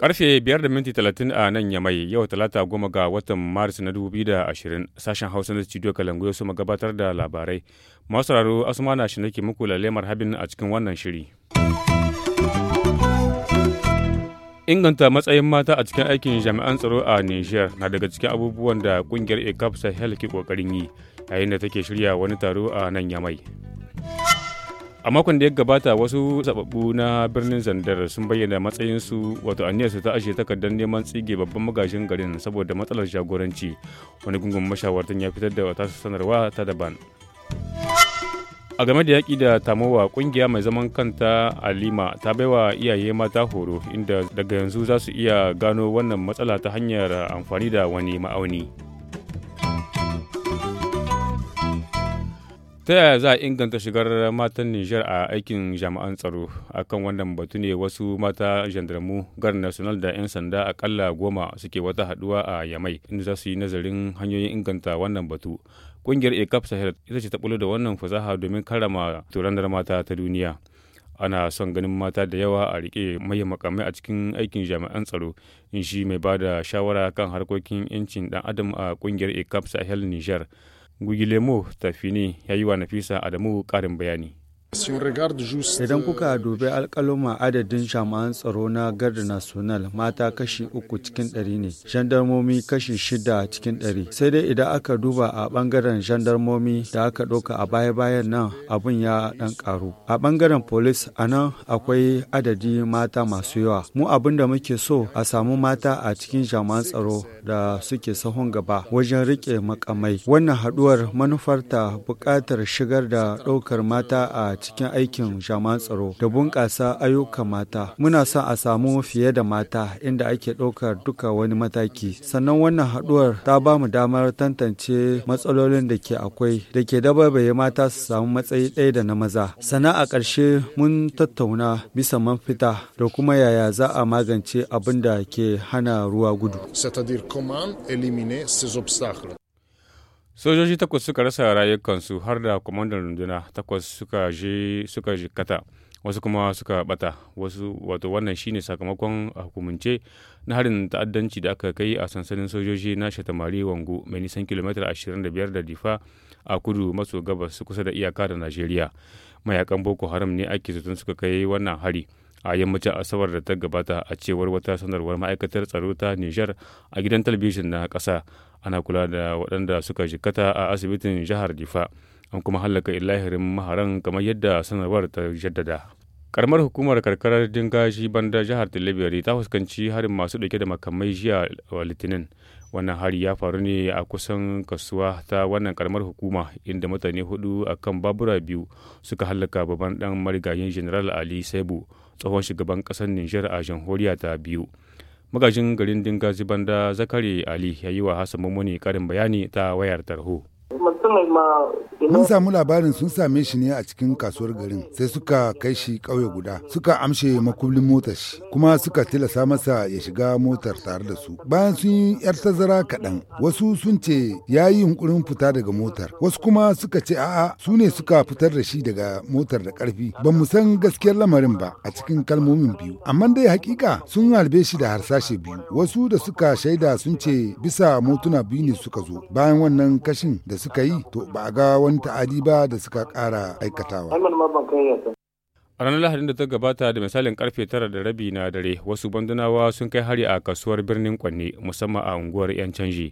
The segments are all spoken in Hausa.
Karfe 5 da minti talatin a nan Yamai yau talata goma ga watan Maris na dubu biyu da ashirin sashen Hausa na studio Kalangu ya suma gabatar da labarai. Masu sauraro Asmana shi nake muku lalemar habin a cikin wannan shiri. inganta matsayin mata a cikin aikin jami'an tsaro a niger na daga cikin abubuwan da kungiyar ecap sahel ke kokarin yi yayin da take shirya wani taro a nan yamai a makon da ya gabata wasu sababbu na birnin zandar sun bayyana matsayinsu wato aniyarsu ta ashe takardar neman tsige babban magajin garin saboda matsalar jagoranci wani gungun mashawartan ya fitar da wata sanarwa ta daban a game da yaƙi da tamowa ƙungiya mai zaman kanta a lima ta baiwa iyaye mata horo inda daga yanzu za su iya gano wannan matsala ta hanyar amfani da wani ma'auni. ta yaya za a inganta shigar matan nijar a aikin jami'an tsaro akan wannan batu ne wasu mata jandarmu gar national da 'yan sanda akalla goma suke wata haduwa a yamai inda za su yi nazarin hanyoyin inganta wannan batu kungiyar ecap sahel ita ce ta bulo da wannan fasaha domin karama turanar mata ta duniya ana son ganin mata da yawa a rike maye makamai a cikin aikin jami'an tsaro in shi mai ba da shawara kan harkokin 'yancin dan adam a kungiyar ecap sahel niger Mo Tafini ya yi wa Nafisa Adamu ƙarin bayani. Idan kuka uh, dubi alkaluma adadin jami'an tsaro na Garda National mata kashi uku cikin ɗari ne, jandarmomi kashi shida cikin ɗari. Sai dai idan aka duba a bangaren jandarmomi da aka ɗauka a baya-bayan nan abun ya ɗan ƙaru. A bangaren polis a nan akwai adadi mata masu yawa. Mu abin da muke so a samu mata a cikin jami'an tsaro da suke sahun gaba wajen riƙe makamai. Wannan haɗuwar manufarta buƙatar shigar da ɗaukar mata a cikin aikin jaman tsaro da bunƙasa ayyukan mata. Muna son a samu fiye da mata inda ake ɗaukar duka wani mataki. Sannan wannan haɗuwar ta ba mu damar tantance matsalolin da ke akwai da ke dababaye mata su samu matsayi ɗaya da na maza. Sannan a ƙarshe mun tattauna bisa manfita da kuma yaya za a magance abin da ke hana ruwa gudu. sojoji takwas suka rasa rayukansu har da kwamandan runduna takwas suka je suka jikata wasu kuma suka bata wasu wato wannan shine sakamakon hukumance na harin ta'addanci da aka kai a sansanin sojoji na shatamari wangu mai nisan kilomita 25 da difa a kudu maso gabas kusa da iyaka da najeriya mayakan boko haram ne ake zaton suka kai wannan hari a yammacin asabar da ta gabata a cewar wata sanarwar ma'aikatar tsaro ta nijar a gidan talabijin na ƙasa ana kula da waɗanda suka jikata a asibitin jihar difa an kuma hallaka ilahirin maharan kamar yadda sanarwar ta jaddada karamar hukumar karkarar dingashi banda jihar tilibiri ta fuskanci harin masu ɗauke da makamai jiya a litinin wannan hari ya faru ne a kusan kasuwa ta wannan karamar hukuma inda mutane hudu a kan babura biyu suka hallaka babban dan marigayin general ali saibu tsohon shugaban kasar niger a jamhuriya ta biyu magajin garin dingazi banda zakari ali ya yi wa hassan mummuni karin bayani ta wayar tarho Mun samu labarin sun same shi ne a cikin kasuwar garin sai suka kai shi ƙauye guda suka amshe makullin motar shi kuma suka tilasa masa ya shiga motar tare da su. Bayan sun yi yar tazara kaɗan wasu sun ce ya yi yunkurin fita daga motar wasu kuma suka ce a'a su ne suka fitar da shi daga motar da ƙarfi ba mu san gaskiyar lamarin ba a cikin kalmomin biyu amma dai hakika sun harbe shi da harsashe biyu wasu da suka shaida sun ce bisa motuna biyu ne suka zo bayan wannan kashin da suka yi to ba a ga wani wani ta'adi ba da suka kara aikatawa. A ranar Lahadin da ta gabata da misalin karfe tara da rabi na dare, wasu bandunawa sun kai hari a kasuwar birnin Kwanne, musamman a unguwar 'yan canji.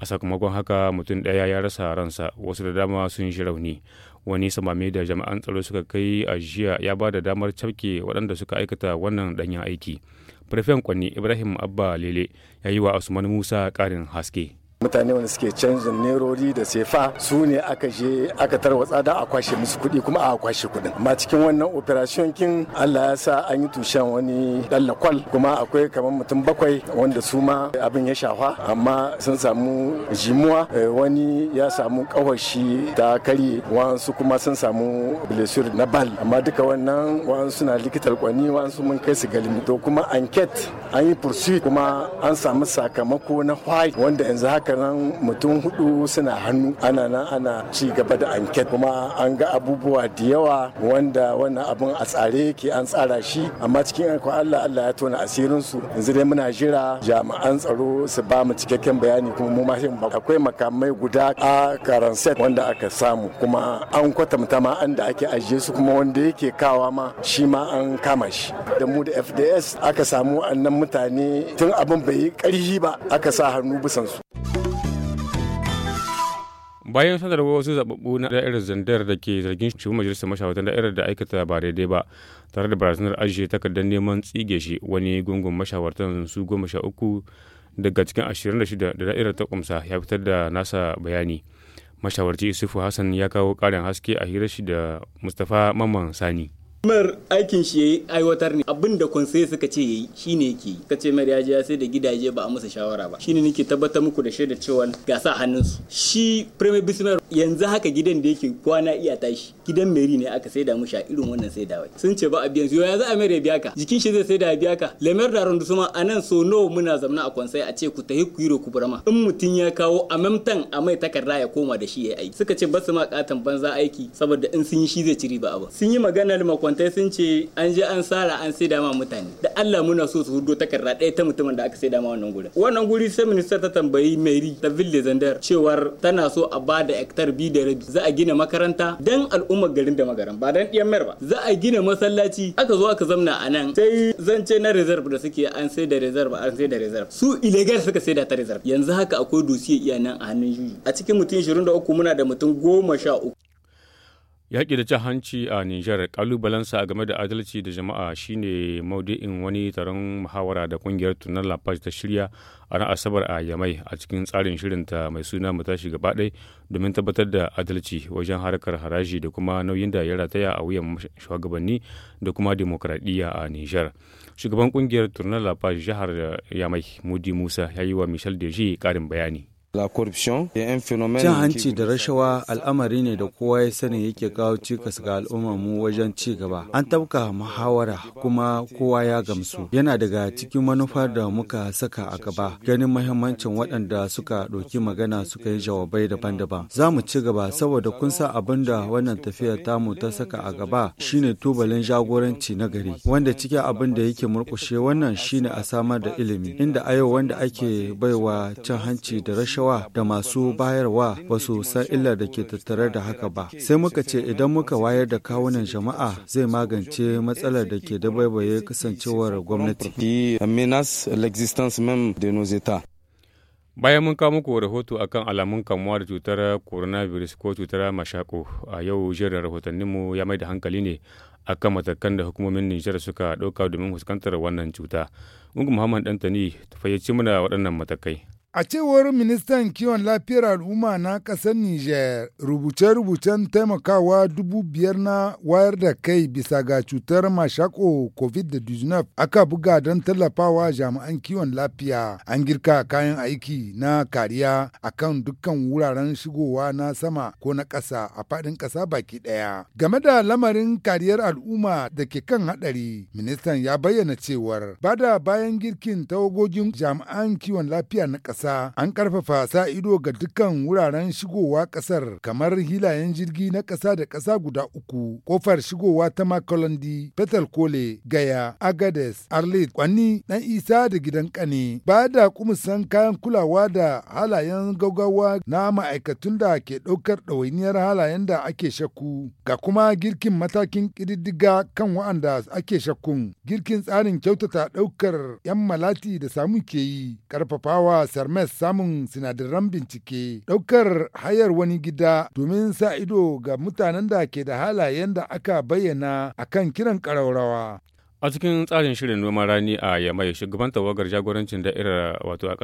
A sakamakon haka mutum ɗaya ya rasa ransa, wasu da dama sun shi rauni. Wani samame da jama'an tsaro suka kai a jiya ya ba da damar cafke waɗanda suka aikata wannan ɗanyen aiki. Firfen Kwanne Ibrahim Abba Lele ya yi wa Usman Musa ƙarin haske. mutane wanda suke canjin nerori da sefa su ne aka je aka tarwatsa da a kwashe musu kuɗi kuma a kwashe kuɗin amma cikin wannan operation kin Allah ya sa an yi tushen wani dallakwal kuma akwai kamar mutum bakwai wanda su ma abin ya shafa amma sun samu jimuwa eh, wani ya samu kawashi ta kari wasu kuma sun samu blessur na bal amma duka wannan wasu na likitar kwani wasu mun kai su galimi to kuma anket an yi pursuit kuma an samu sakamako na white wanda yanzu haka haka mutum hudu suna hannu ana nan ana ci gaba da anket kuma an ga abubuwa da yawa wanda wannan abun a tsare ke an tsara shi amma cikin aiko Allah Allah ya tona asirin su yanzu dai muna jira jami'an tsaro su ba mu cikakken bayani kuma mu ma akwai makamai guda a set wanda aka samu kuma an kwatanta ma an da ake ajiye su kuma wanda yake kawa ma shi ma an kama shi da mu da FDS aka samu annan mutane tun abin bai yi karhi ba aka sa hannu bisan su. bayan sanarwar wasu zababbu na da'irar zandar da ke zargin shugaban majalisar mashawartan da'irar da aikata ba daidai ba tare da barazanar ajiye takardar neman tsige shi wani gungun mashawartan su goma sha uku daga cikin ashirin da shida da da'irar ta kumsa ya fitar da nasa bayani mashawarci isufu hassan ya kawo ƙarin haske a hirar shi da mustapha mamman sani Mar aikin shi yayi aiwatar ne abin da konsai suka ce yayi shine yake yi. ce mar ya ya sai da gidaje ba a musu shawara ba. Shine nake tabbatar muku da shaida cewa ga sa hannunsu. Shi Premier Bismar yanzu haka gidan da yake kwana iya tashi. Gidan meri ne aka saida mu sha irin wannan saidawai. Sun ce ba a biyan su ya za a mai ya biya ka. Jikin shi zai saida biya ka. lemer da rundu suma anan so nawa muna zamna a kwansai a ce ku tahi ku yiro ku burama. In mutum ya kawo a a mai takarda ya koma da shi ya aiki. Suka ce ba su ma katan banza aiki saboda in sun yi shi zai ciri ba abu. Sun yi maganar makon kwantai sun ce an je an sara an sai dama mutane da Allah muna so su hudo takarda ɗaya ta mutumin da aka sai dama wannan gurin wannan guri sai minista ta tambayi Mary ta Ville Zandar cewar tana so a ba da hektar biyu da rabi za a gina makaranta dan al'ummar garin da magaran ba dan ɗiyan mayar ba za a gina masallaci aka zo aka zamna a nan sai zance na reserve da suke an sai da reserve an sai da reserve su illegal suka sai da ta reserve yanzu haka akwai dosiye iya nan a hannun juji a cikin mutum 23 muna da mutum goma sha uku Yaƙi da cin hanci a Nijar ƙalubalensa game da adalci da jama'a shine maudu'in wani taron muhawara da ƙungiyar tunan lafaz ta shirya a ran Asabar a Yamai a cikin tsarin shirinta mai suna mu tashi gaba ɗaya domin tabbatar da adalci wajen harkar haraji da kuma nauyin da ya rataya a wuyan shugabanni da kuma demokradiyya a Nijar. Shugaban ƙungiyar tunan lafaz jihar Yamai Mudi Musa ya yi wa Michel Deji karin bayani. Cin hanci da rashawa al'amari ne da kowa ya sani yake kawo cikas ga al'ummarmu wajen ci gaba. An tabka muhawara kuma kowa ya gamsu. Yana daga cikin manufar da muka saka a gaba ganin mahimmancin waɗanda suka ɗauki magana suka yi jawabai daban-daban. Za mu ci gaba saboda kun sa abin da wannan tafiya tamu ta saka a gaba shine tubalin jagoranci na gari wanda cikin abin da yake murƙushe wannan shine a samar da ilimi inda a yau wanda ake baiwa cin hanci da rashawa rashawa da masu bayarwa ba su san illar da ke tattare da haka ba. Sai muka ce idan muka wayar da kawunan jama'a zai magance matsalar da ke da dabaibaye kasancewar gwamnati. Bayan mun kawo muku rahoto akan alamun kamuwa da cutar coronavirus ko cutar mashako a yau jerin rahotanninmu ya mai da hankali ne akan matakan da hukumomin Nijar suka ɗauka domin fuskantar wannan cuta. Ungu Muhammad Dantani ta fayyace mana waɗannan matakai. A cewar ministan kiwon lafiyar al'umma na ƙasar Nijar, rubuce-rubucen taimakawa dubu biyar na wayar da kai bisa ga cutar mashako COVID-19 aka buga don tallafawa jami'an kiwon lafiya an girka kayan aiki na kariya akan dukkan wuraren shigowa na sama ko na ƙasa a faɗin ƙasa baki ɗaya. Game da lamarin kariyar al'umma da ke kan haɗari, ministan ya bayyana cewar bada bayan girkin tawagogin jami'an kiwon lafiya na ƙasa ƙasa an ƙarfafa sa ido ga dukkan wuraren shigowa ƙasar kamar hilayen jirgi na ƙasa da ƙasa guda uku Kofar shigowa ta makolandi petal kole gaya agades arlit kwanni ɗan isa da gidan ƙani. ba da kumusan kayan kulawa da halayen gaugawa na ma'aikatun da ke ɗaukar ɗawainiyar halayen da ake shaku. ga kuma girkin matakin ƙididdiga kan wa'anda ake shakkun girkin tsarin kyautata ɗaukar 'yan malati da samun ke yi ƙarfafawa armes samun sinadaran bincike ɗaukar hayar wani gida domin sa ido ga mutanen da ke da halayen da aka bayyana a kan kiran ƙaraurawa. a cikin tsarin shirin noman rani a yamai shugaban tawagar jagorancin da'irar wato a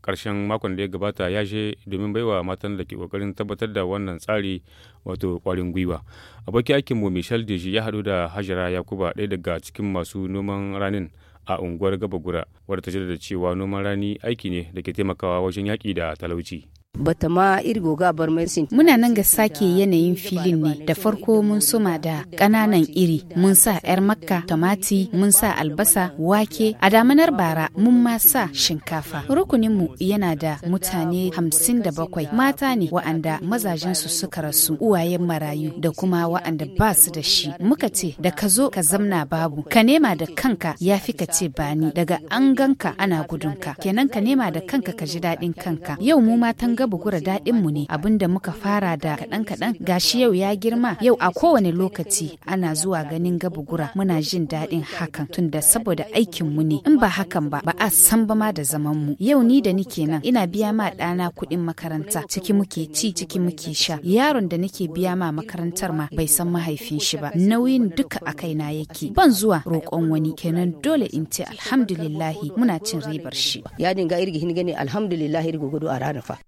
karshen makon da ya gabata ya je domin baiwa matan da ke ƙoƙarin tabbatar da wannan tsari wato ƙwarin gwiwa aboki aikin mu michel deji ya haɗu da hajara yakuba ɗaya daga cikin masu noman ranin a unguwar Gabagura wadda ta jaddada cewa noman rani aiki ne da ke taimakawa wajen yaƙi da talauci. bata ma irgo gabar mai Muna nan ga sake yanayin filin ne da farko mun suma da ƙananan iri mun sa 'yar makka tomati mun sa albasa wake a damanar bara mun ma sa shinkafa. rukunin mu yana da mutane hamsin da bakwai mata ne wa'anda mazajensu suka rasu uwayen marayu da kuma wa'anda ba su da shi. Muka ce da ka zo ka zamna babu ka nema da kanka ya fi ka ce bani daga an ganka ana gudunka kenan ka nema da kanka ka ji daɗin kanka yau mu matan shiga bugura daɗin mu ne abinda muka fara da kaɗan kaɗan gashi yau ya girma yau a kowane lokaci ana zuwa ganin gabugura muna jin daɗin hakan tunda saboda aikin mu ne in ba hakan ba ba a san ba ma da zaman mu yau ni da nike nan ina biya ma ɗana kuɗin makaranta ciki muke ci ciki muke sha yaron da nake biya ma makarantar ma bai san mahaifin shi ba nauyin duka a kaina yake ban zuwa roƙon wani kenan dole in ce alhamdulillahi muna cin ribar shi ya dinga irgi hin gani alhamdulillahi irgo gudu a ranar fa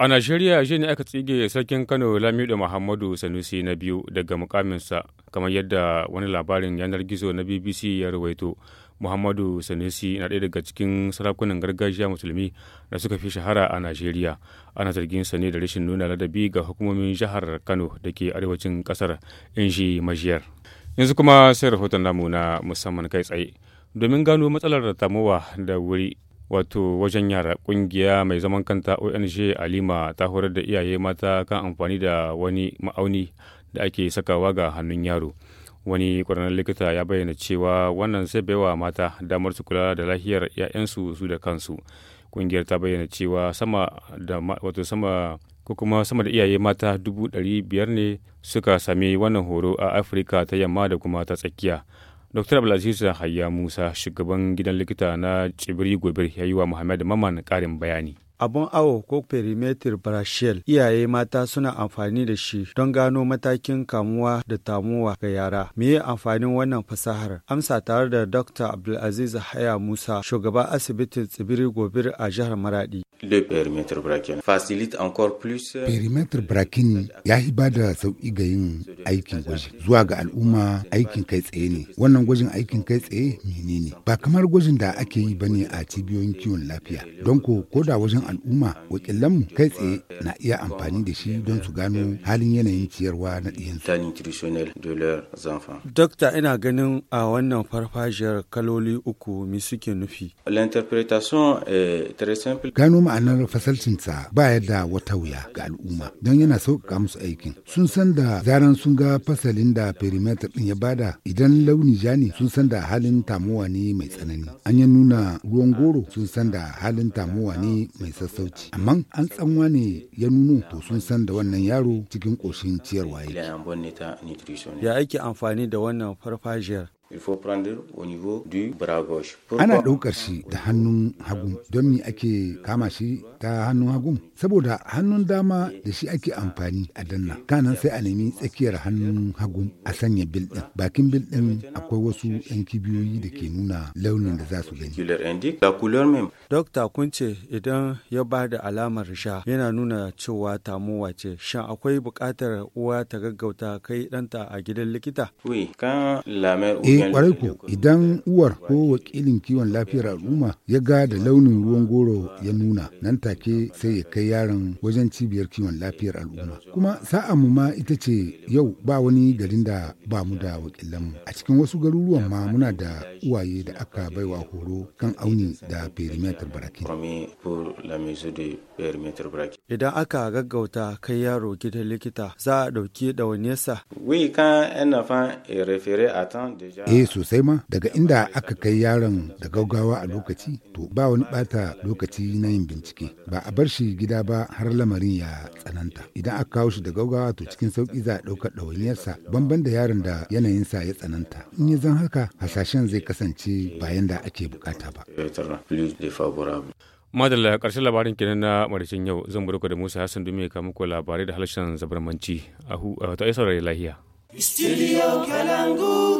A Najeriya shi ne aka tsige sarkin Kano Lamido Muhammadu Sanusi na biyu daga mukaminsa kamar yadda wani labarin yanar gizo na BBC ya rawaito. Muhammadu Sanusi na ɗaya daga cikin sarakunan gargajiya musulmi da suka fi shahara a Najeriya. Ana zargin sa ne da rashin nuna ladabi ga hukumomin jihar Kano da ke arewacin kasar inji majiyar. Yanzu kuma sai rahoton namu na musamman kai tsaye. Domin gano matsalar tamowa da wuri wato wajen yara kungiya mai zaman kanta ong alima ta horar da iyaye mata kan amfani da wani ma'auni da ake sakawa ga hannun yaro wani ƙwararren likita ya bayyana cewa wannan sai baiwa mata damar su kula da lahiyar 'ya'yansu su da kansu kungiyar ta bayyana cewa sama da wato sama ko kuma sama da iyaye mata dubu ɗari biyar ne suka sami wannan horo a afirka ta yamma da kuma ta tsakiya Dr. Abdulaziz Hayya Musa, shugaban gidan likita na Tsibiri Gobir, ya yi wa Muhammad Maman ƙarin bayani. abun awo ko perimeter brachial iyaye mata suna amfani da shi don gano matakin kamuwa da tamuwa ga yara me amfanin wannan fasahar amsa tare da dr abdulaziz haya musa shugaban asibitin tsibiri gobir a jihar maradi le perimeter brachial facilite encore plus euh, perimeter brachial ya yi ba da sauki ga yin aikin gwaji zuwa ga al'umma aikin kai tsaye ne wannan gwajin aikin kai tsaye menene ba kamar gwajin da ake yi bane a cibiyoyin kiwon lafiya don ko koda wajen al'umma wakilanmu kai tsaye na iya amfani da shi don su gano halin yanayin ciyarwa na ɗiyansu. Dokta ina ganin a wannan farfajiyar kaloli uku mi suke nufi. Gano ma'anar fasalcinsa ba da wata wuya ga al'umma don yana sauƙaƙa musu aikin. Sun san da zaran sun ga fasalin da perimeter ɗin ya bada idan launi ja ne sun san da halin tamuwa ne mai tsanani. An ya nuna ruwan goro sun san da halin tamuwa ne mai sassauci amma an tsanwa ne ya nuno to sun san da wannan yaro cikin ƙoshin ciyarwa ya ake amfani da wannan farfajiyar Ana ɗaukar shi da hannun hagu don me ake kama shi ta hannun hagu? Saboda hannun dama da shi ake amfani a danna. Kanan sai a nemi tsakiyar hannun hagu a sanya bil Bakin bil ɗin akwai wasu 'yan kibiyoyi da ke nuna launin da za su gani. Dokta kun ce idan ya ba da alamar sha yana nuna cewa tamuwa ce. Shan akwai buƙatar uwa ta gaggauta kai ɗanta a gidan likita? kwarai ku idan uwar ko wakilin kiwon lafiyar al'umma ya ga da launin ruwan goro ya nuna nan take sai ya kai yaron wajen cibiyar kiwon lafiyar al'umma. Kuma sa'a mu ma ita ce yau ba wani garin da ba mu da wakilan a cikin wasu garuruwan ma muna da uwaye da aka baiwa horo kan auni da perimeter barakin. Idan aka gaggauta kai yaro gidan likita za a ɗauki ɗawainiyarsa. Oui, quand eh sosai ma daga inda aka kai yaron da gaugawa a lokaci to ba wani bata lokaci na yin bincike ba a bar shi gida ba har lamarin ya tsananta idan aka kawo shi da gaugawa to cikin sauki za a ɗaukar ɗawainiyarsa banban da yaron da yanayinsa ya tsananta in ya zan haka hasashen zai kasance bayan da ake bukata ba madalla ƙarshen labarin kenan na marishin yau zan buruka da musa hassan dume ka muku labarai da harshen zabarmanci a ta saurari lahiya studio kalangu